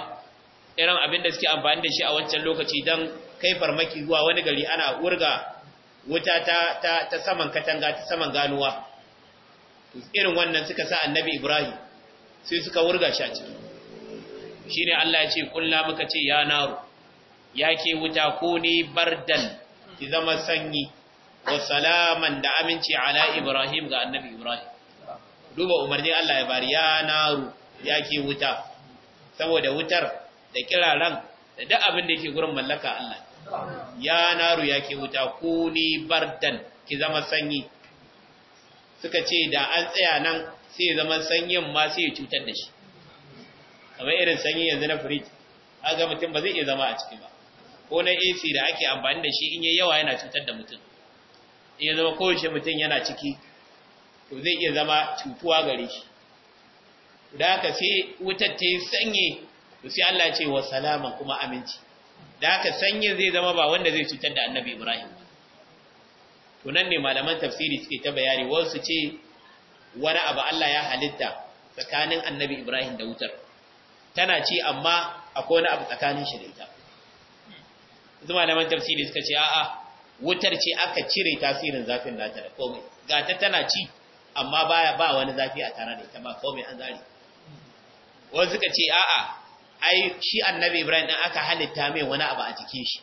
irin abin da suke amfani da shi a wancan lokaci don kai farmaki zuwa wani gari ana wurga wuta ta, saman katanga ta saman ganuwa irin wannan suka sa annabi ibrahim sai suka wurga shi ciki shi ne allah ya ce kulla muka ce ya naru ya ke wuta ko ne bardan ki zama sanyi wa salaman da aminci ala ibrahim ga annabi ibrahim duba umarni allah ya bari ya naru ya ke wuta saboda wutar da kiraran da duk abin da yake gurin mallaka allah ya naru ya ke wuta kuni bardan ki zama sanyi suka ce da an tsaya nan sai zama sanyin ma sai ya cutar da shi kamar irin sanyi yanzu na firij aga mutum ba zai iya zama a ciki ba ko na AC da ake amfani da shi in yayi yawa yana cutar da mutum in ya zama kowace mutum yana ciki to zai iya zama cutuwa gare shi da haka sai wutar ta yi sanyi to sai Allah ce wa salama kuma aminci da aka sanya zai zama ba wanda zai cutar da annabi ibrahim to nan ne malaman tafsiri suke ta bayani wasu ce wani abu Allah ya halitta tsakanin annabi ibrahim da wutar tana ce, amma akwai wani abu tsakanin shi da ita zuma malaman tafsiri suka ce a'a wutar ce aka cire tasirin zafin nata da komai ga ta tana ci amma baya ba wani zafi a tare da ita ba komai an zari wasu suka ce a'a ai shi annabi Ibrahim din aka halitta mai wani abu a jikin shi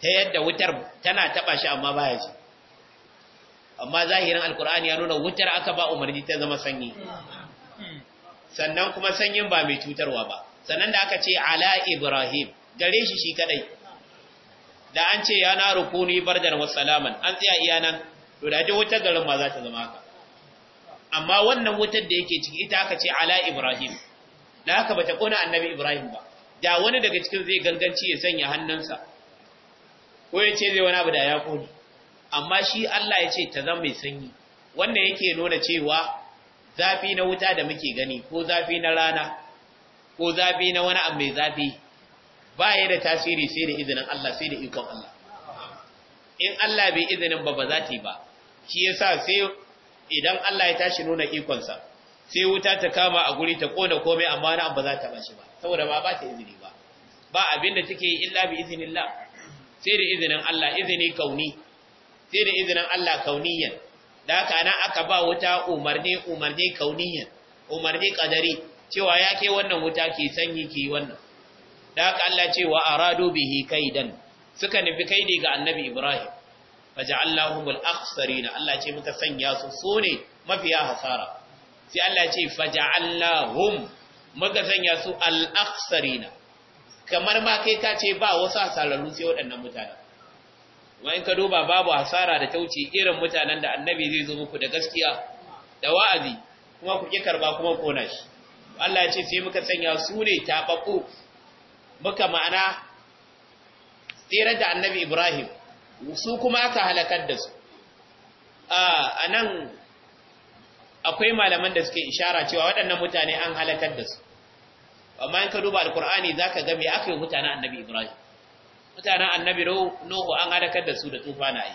ta yadda wutar tana taba shi amma baya ji amma zahirin alqur'ani ya nuna wutar aka ba umarni ta zama sanyi sannan kuma sanyin ba mai cutarwa ba sannan da aka ce ala ibrahim gare shi shi kadai da an ce ya na rukuni wa salaman an tsaya iya nan to da wutar garin ma za ta zama haka amma wannan wutar da yake ciki ita aka ce ala ibrahim da aka bata kona annabi Ibrahim ba da wani daga cikin zai ganganci ya sanya hannunsa ko ya ce zai wani abu da ya kone amma shi Allah ya ce ta zama mai sanyi wannan yake nuna cewa zafi na wuta da muke gani ko zafi na rana ko zafi na wani abu mai zafi ba ya da tasiri sai da izinin Allah sai da ikon Allah in Allah bai izinin ba ba za ta yi ba shi yasa sai idan Allah ya tashi nuna ikonsa sai wuta ta kama a guri ta kona komai amma na ba za ta bashi ba saboda ba ba ta izini ba ba abin da take yi illa bi iznillah sai da izinin Allah izini kauni sai da izinin Allah kauniyan da haka nan aka ba wuta umarni umarni kauniyan umarni kadari cewa ya ke wannan wuta ke sanyi ke wannan da haka Allah ce wa aradu bihi kaidan suka nufi kaidi ga annabi Ibrahim faja'allahumul akhsarin Allah ce muka sanya su sune mafiya hasara sai Allah ya ce faja'allahum muka sanya su al aksarina. kamar ma kai ka ce ba wasu hasararru sai waɗannan mutanen in ka duba babu hasara da tauci irin mutanen da annabi zai zo muku da gaskiya da wa'azi kuma ku ƙi karba kuma kona shi Allah ya ce sai muka sanya su ne taɓaɓɓu muka ma'ana tsira da annabi Ibrahim su kuma aka halakar da su a nan akwai malaman da suke ishara cewa waɗannan mutane an halakar da su amma in ka duba alkur'ani zaka ga me aka yi mutanen annabi ibrahim mutanen annabi nuhu an halakar da su da tufana yi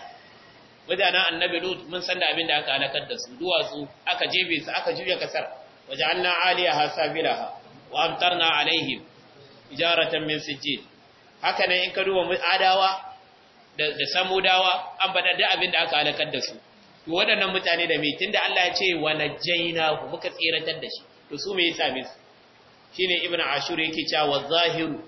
mutanen annabi lut mun san da abin da aka halakar da su duwatsu aka jebe su aka juya kasar waja'alna 'aliyaha sabilaha wa amtarna 'alaihim ijaratan min sijjid haka nan in ka duba adawa da samudawa an faɗa duk abin da aka halakar da su to waɗannan mutane da mai tunda Allah ya ce wa ku, muka tsiratar da shi to su mai sami su shine ibn ashur yake cewa zahiru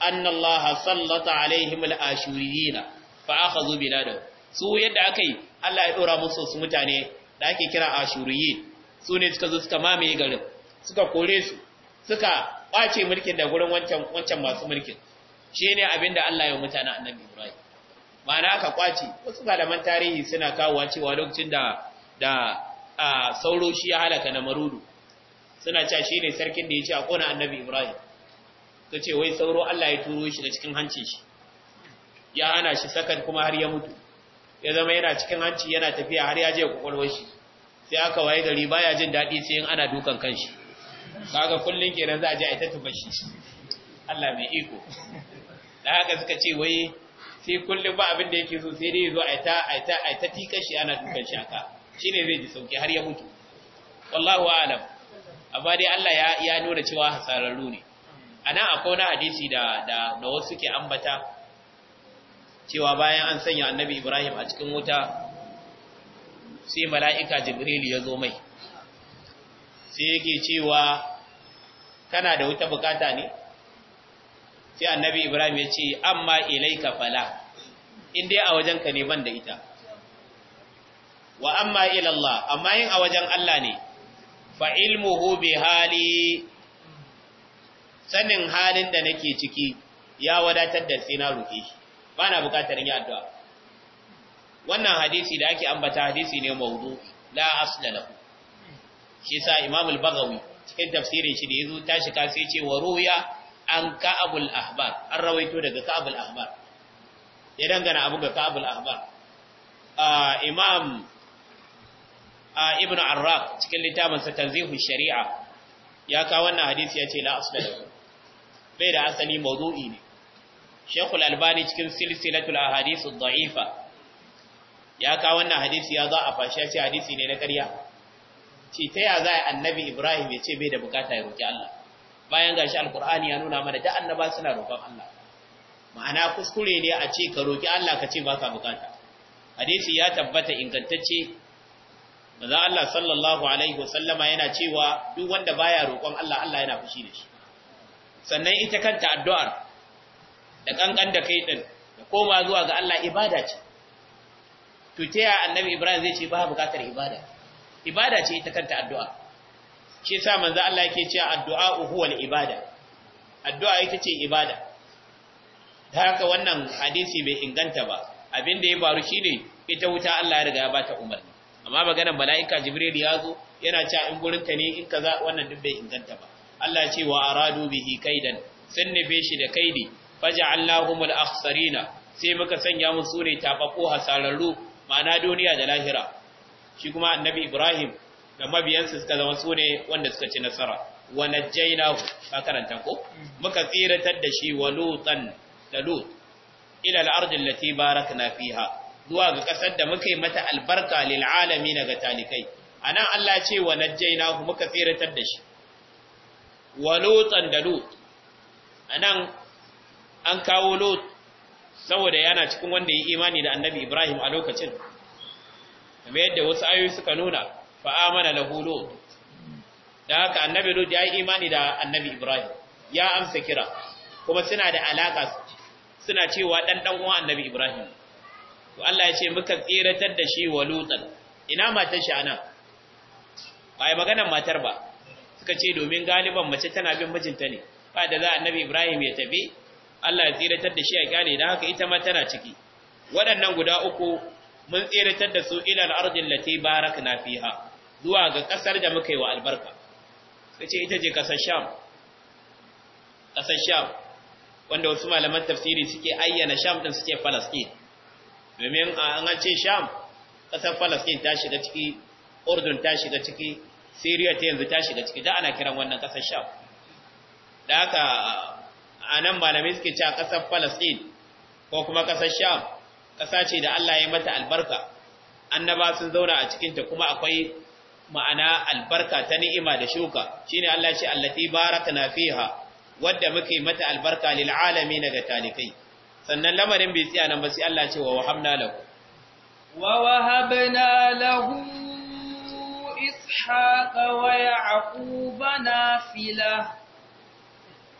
anna Allah sallata alaihim al-ashuriyina fa akhadhu biladahu su yadda akai Allah ya dora musu su mutane da ake kira ashuriyi su ne suka zo suka mamaye garin suka kore su suka ɓace mulkin da gurin wancan wancan masu mulkin shi ne Allah ya mutana annabi Ibrahim ma'ana aka kwace wasu malaman tarihi suna kawowa cewa lokacin da da a sauro shi ya halaka na marudu suna cewa shine sarkin da ya ce a kona annabi ibrahim ta ce wai sauro allah ya turo shi da cikin hanci shi ya hana shi sakan kuma har ya mutu ya zama yana cikin hanci yana tafiya har ya je kwakwalwar shi sai aka waye gari baya jin dadi sai in ana dukan kanshi kaga kullun kenan za a je a ita shi Allah mai iko da haka suka ce wai sai kullum ba abin da yake so sai dai zo a ta a ta shi ana dukan shi aka shine zai ji sauki har ya mutu wallahu a'lam amma dai Allah ya ya nuna cewa hasararru ne ana akwai wani hadisi da da da wasu ke ambata cewa bayan an sanya annabi Ibrahim a cikin wuta sai mala'ika Jibril ya zo mai sai yake cewa kana da wuta bukata ne sai annabi ibrahim ya ce amma ilaika fala in dai a wajenka ne ban da ita wa amma ilallah amma yin a wajen Allah ne fa ilmuhu bi hali sanin halin da nake ciki ya wadatar da sai na ruke ba na buƙatar yin addu'a wannan hadisi da ake ambata hadisi ne mawdu la asla lahu shi sa imam al-baghawi cikin tafsirin shi da yazo tashi ka sai ce wa ruya an ka'abul ahbar an rawaito daga ka'abul ahbar ya dangana abu ga ka'abul ahbar imam ibn arraq cikin littafinsa tanzihu shari'a ya kawo wannan hadisi ya ce la asla lahu bai da asali mawdu'i ne Sheikhul Albani cikin silsilatul ahadith ad-da'ifa ya kawo wannan hadisi ya za a fashi ya ce hadisi ne na ƙarya ce ta ya za a annabi Ibrahim ya ce bai da bukata ya roƙi Allah bayan gashi alkur'ani ya nuna mana da annaba suna roƙon Allah ma'ana kuskure ne a ce ka roƙi Allah ka ce baka bukata hadisi ya tabbata ingantacce manzo Allah sallallahu alaihi wasallama yana cewa duk wanda baya roƙon Allah Allah yana fushi da shi sannan ita kanta addu'ar da kankan da kai din da koma zuwa ga Allah ibada ce to ta annabi Ibrahim zai ce ba bukatar ibada ibada ce ita kanta addu'a shi sa manzo Allah yake cewa addu'a al ibada addu'a ita ce ibada da haka wannan hadisi bai inganta ba abin da ya faru shine ita wuta Allah ya riga ya bata Umar. amma maganar mala'ika jibril ya zo yana cewa in gurin ka ne in kaza wannan duk bai inganta ba Allah ya ce wa aradu bihi kaidan sun shi da kaidi faja'allahumul akhsarina sai muka sanya musu ne tabako hasararru ma'ana duniya da lahira shi kuma annabi ibrahim da mabiyansu suka zama su ne wanda suka ci nasara wa najjaynahu ka karanta ko muka tsiratar da shi wa lutan da lut ila al-ard allati barakna fiha zuwa ga kasar da muka yi mata albarka lil na ga talikai nan Allah ce wa najjaynahu muka tsiratar da shi wa lutan da lut nan an kawo lut saboda yana cikin wanda ya imani da annabi Ibrahim a lokacin kamar yadda wasu ayoyi suka nuna fa amana lahu da haka annabi lut ya yi imani da annabi ibrahim ya amsa kira kuma suna da alaka suna cewa dan dan uwan annabi ibrahim to Allah ya ce muka tsiratar da shi wa lutan ina matar shi anan ba maganar matar ba suka ce domin galiban mace tana bin mijinta ne ba da za annabi ibrahim ya tafi Allah ya tsiratar da shi a kyale da haka ita ma tana ciki waɗannan guda uku mun tsiratar da su ilal ardin lati barakna fiha zuwa ga ƙasar da muka yi wa albarka sai ce ita ce kasar sham kasar sham wanda wasu malaman tafsiri suke ayyana sham ɗin suke palestine domin an ce sham kasar palestine ta shiga ciki urdun ta shiga ciki syria ta yanzu ta shiga ciki da ana kiran wannan kasar sham da haka a nan malamai suke cewa kasar palestine ko kuma kasar sham ƙasa ce da allah ya mata albarka annaba sun zauna a cikinta kuma akwai ma'ana albarka ta ni'ima da shuka shine Allah ce allati barakna fiha wadda muke mata albarka lil alamin ga talikai sannan lamarin bai tsaya nan ba sai Allah ce wa wahabna lahu
wa wahabna lahu ishaqa wa yaquba nafila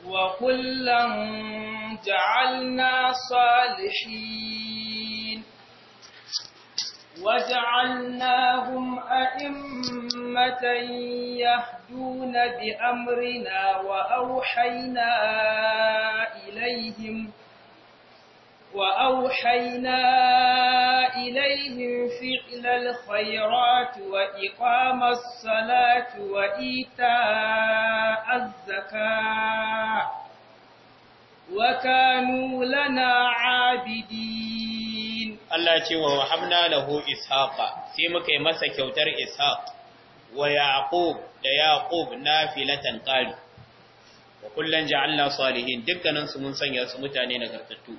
wa kullan ja'alna salihin وجعلناهم أئمة يهدون بأمرنا وأوحينا إليهم وأوحينا إليهم فعل الخيرات وإقام الصلاة وإيتاء الزكاة وكانوا لنا عابدين
Allah ce wa wahabna lahu ishaqa sai muka yi masa kyautar ishaq wa yaqub da yaqub nafilatan qali wa kullan ja'alna salihin dukkanin su mun sanya su mutane nagartattu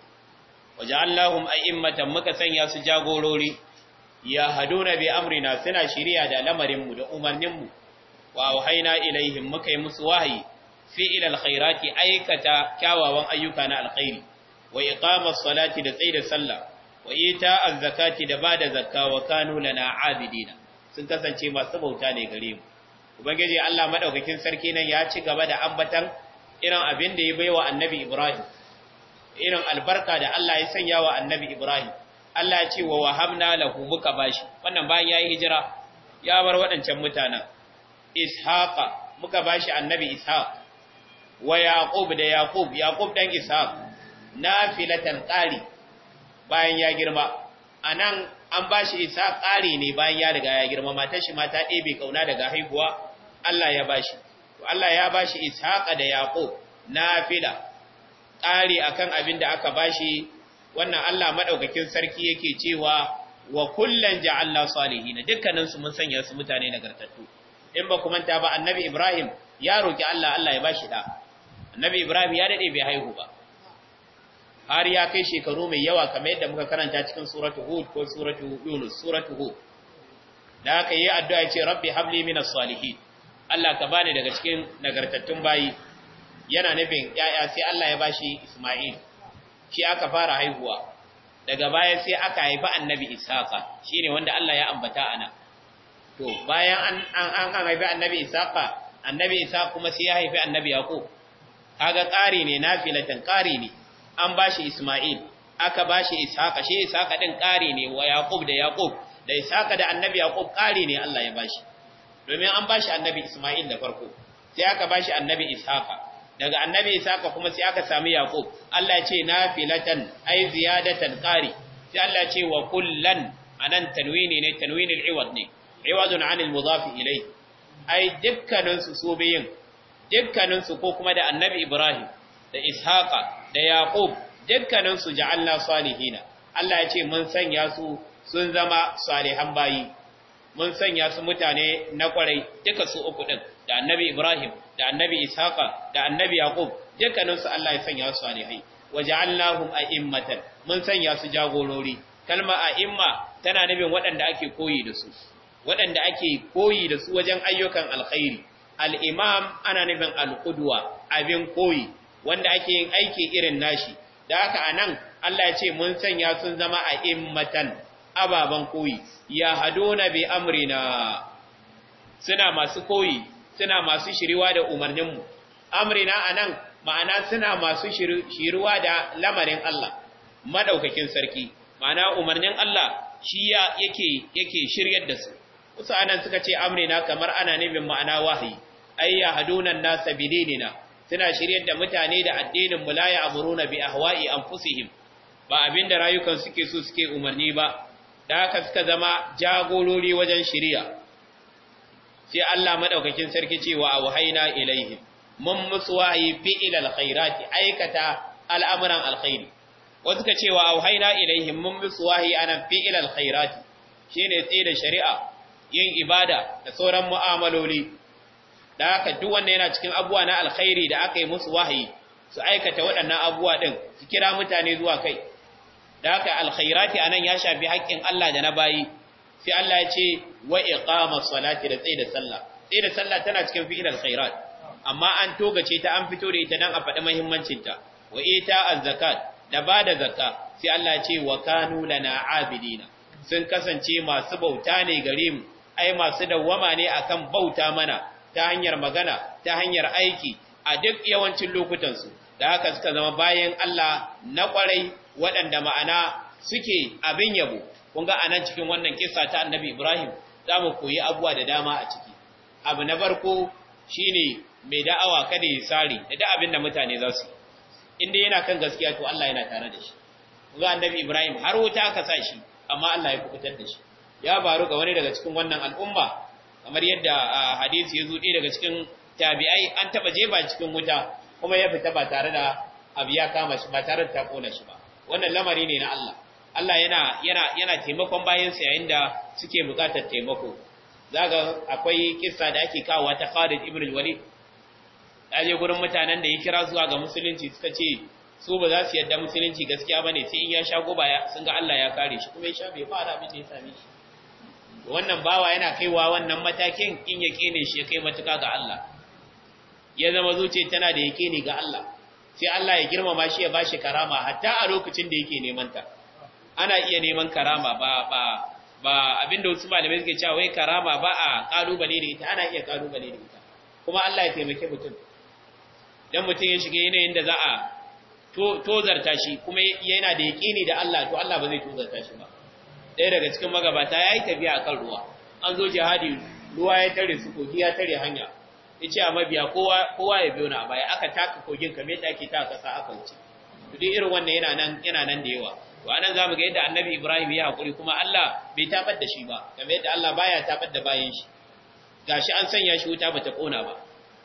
wa ja'alnahum a'immatan muka sanya su jagorori ya haduna bi amrina suna shiriya da lamarin mu da umarnin mu wa wahaina ilaihim muka yi musu wahayi fi ilal khairati aikata kyawawan ayyuka na alkhairi wa iqamas salati da da sallah wa ita az-zakati da bada zakka wa kanu lana abidina sun kasance masu bauta ne gare mu ubangiji Allah madaukakin sarki nan ya ci gaba da ambatan irin abin da ya baiwa annabi Ibrahim irin albarka da Allah ya sanya wa annabi Ibrahim Allah ya ce wa wahabna lahu muka bashi wannan bayan yayi hijira ya bar waɗancan mutanen ishaqa muka bashi annabi ishaq wa yaqub da yaqub yaqub dan ishaq nafilatan qari bayan ya girma a nan an ba shi isa ƙari ne bayan ya riga ya girma matar shi mata ɗebe kauna daga haihuwa Allah ya bashi to Allah ya bashi ishaqa da na fila ƙari akan abin da aka bashi wannan Allah madaukakin sarki yake cewa wa kullan ja'alna salihin na dukkaninsu mun sanya su mutane nagartattu in ba ku manta ba annabi Ibrahim ya roki Allah Allah ya bashi da annabi Ibrahim ya daɗe bai haihu ba har ya kai shekaru mai yawa kamar yadda muka karanta cikin suratu hud ko suratu yunus suratu hud da aka yi addu'a ce rabbi habli minas salihin Allah ka bani daga cikin nagartattun bayi yana nufin yaya sai Allah ya bashi Isma'il shi aka fara haihuwa daga baya sai aka haifi annabi Isaka shine wanda Allah ya ambata ana to bayan an an an haifi annabi Isaka, annabi Isa kuma sai ya haifi annabi Yaqub kaga ƙari ne nafilatan ƙari ne an ba shi Isma'il aka ba shi Ishaqa shi Ishaqa ɗin ƙari ne wa Yaqub da Yaqub da Ishaqa da Annabi Yaqub ƙari ne Allah ya ba shi. domin an ba shi Annabi Isma'il da farko sai aka ba shi Annabi Ishaqa daga Annabi Ishaqa kuma sai aka sami Yaqub Allah ya ce nafilatan ai ziyadatan ƙari. sai Allah ya ce wa kullan anan tanwini ne tanwinil iwad ne iwadun anil mudaf ilai. ai dukkaninsu su biyin dukkaninsu ko kuma da annabi Ibrahim da ishaqa da yaqub dukkanin su ja'alna salihina Allah ya ce mun sanya su sun zama salihan bayi mun sanya su mutane na kwarai duka su uku din da annabi ibrahim da annabi ishaqa da annabi yaqub dukkanin su Allah ya sanya su salihai waja'alnahum a'immatan mun sanya su jagorori kalma a'imma tana nufin waɗanda ake koyi da su waɗanda ake koyi da su wajen ayyukan alkhairi al-imam ana nufin al-qudwa abin koyi wanda ake yin aiki irin nashi da haka anan Allah ya ce mun sanya sun zama a immatan ababan koyi ya hadona bi amrina suna masu koyi suna masu shiriwa da umarninmu amrina anan ma'ana suna masu shiriwa da lamarin Allah madaukakin sarki ma'ana umarnin Allah shi yake yake shiryar da su Kusa anan suka ce amrina kamar ana nufin ma'ana wahayi ay yahduna an suna shiryar da mutane da addinin mu la ya'muruna bi ahwa'i anfusihim ba abinda rayukan suke so suke umarni ba da haka suka zama jagorori wajen shiriya sai Allah madaukakin sarki cewa auhayna ilaihim mun musu wahayi fi'ilal khairati aikata al'amuran alkhairi wasu ka cewa auhaina ilaihi mun musu wahayi anan fi'ilal khairati shine tsaye da shari'a yin ibada da sauran mu'amaloli da haka duk wanda yana cikin abuwa na alkhairi da aka yi musu wahayi su aikata waɗannan abuwa ɗin su kira mutane zuwa kai da haka alkhairati anan ya shafi haƙƙin Allah da na bayi sai Allah ya ce wa iqama salati da tsaida sallah tsaida sallah tana cikin fi'il alkhairat amma an togace ta an fito da ita dan a faɗi muhimmancin ta wa ita azzakat da bada zakka sai Allah ya ce wa kanu lana abidina sun kasance masu bauta ne gare mu ai masu dawwama ne akan bauta mana ta hanyar magana ta hanyar aiki a duk yawancin lokutansu da haka suka zama bayan Allah na kwarai waɗanda ma'ana suke abin yabo kun ga anan cikin wannan kisa ta annabi Ibrahim za mu koyi abuwa da dama a ciki abu na farko ne mai da'awa kada ya sare da duk abin da mutane za su inda yana kan gaskiya to Allah yana tare da shi ga annabi Ibrahim har wuta ka sa shi amma Allah ya kubutar da shi ya baru ga wani daga cikin wannan al'umma kamar yadda hadisi ya zo ɗaya daga cikin tabi'ai an taba jefa cikin wuta kuma ya fita ba tare da abu ya kama shi ba tare da ta kona shi ba wannan lamari ne na Allah Allah yana yana yana taimakon bayansa yayin da suke buƙatar taimako zaga akwai kissa da ake kawo ta Khalid ibn al-Walid je gurin mutanen da ya kira zuwa ga musulunci suka ce su ba za su yadda musulunci gaskiya bane sai in ya sha goba sun ga Allah ya kare shi kuma ya sha bai fara abin da ya same shi wannan bawa yana kaiwa wannan matakin in ya kene shi ya kai matuka ga Allah ya zama zuciya tana da ne ga Allah sai Allah ya girmama shi ya bashi karama hatta a lokacin da yake neman ta ana iya neman karama ba ba ba abinda wasu malamai suke cewa wai karama ba a kalubale da ita ana iya kalubale da ita kuma Allah ya taimake mutum dan mutum ya shiga yanayin da za a tozarta shi kuma yana da yakini da Allah to Allah ba zai tozarta shi ba ɗaya daga cikin magabata ya yi tafiya a kan ruwa an zo jihadi ruwa ya tare su kogi ya tare hanya ya ce a mabiya kowa ya biyo na baya aka taka kogin kamar yadda ake ta kasa aka wuce duk irin wannan yana nan yana nan da yawa to anan zamu ga yadda annabi ibrahim ya hakuri kuma Allah bai tabar da shi ba kamar yadda Allah baya tabar da bayan shi gashi an sanya shi wuta bata kona ba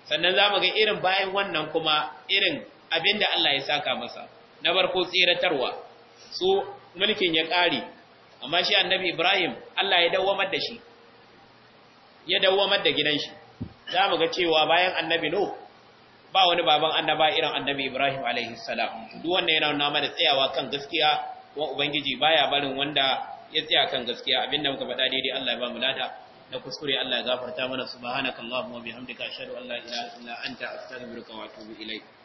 sannan zamu ga irin bayan wannan kuma irin abinda Allah ya saka masa na barko tsiratarwa su mulkin ya kare amma shi annabi Ibrahim Allah ya dawwamar da shi ya dawwamar da gidan shi zamu ga cewa bayan annabi no ba wani baban annaba irin annabi Ibrahim alaihi salam duk wanda yana nuna mana tsayawa kan gaskiya kuma ubangiji baya barin wanda ya tsaya kan gaskiya abinda muka faɗa daidai Allah ya ba mu lada na kuskure Allah ya gafarta mana subhanakallahumma wa bihamdika ashhadu an la ilaha illa anta astaghfiruka wa atubu ilaik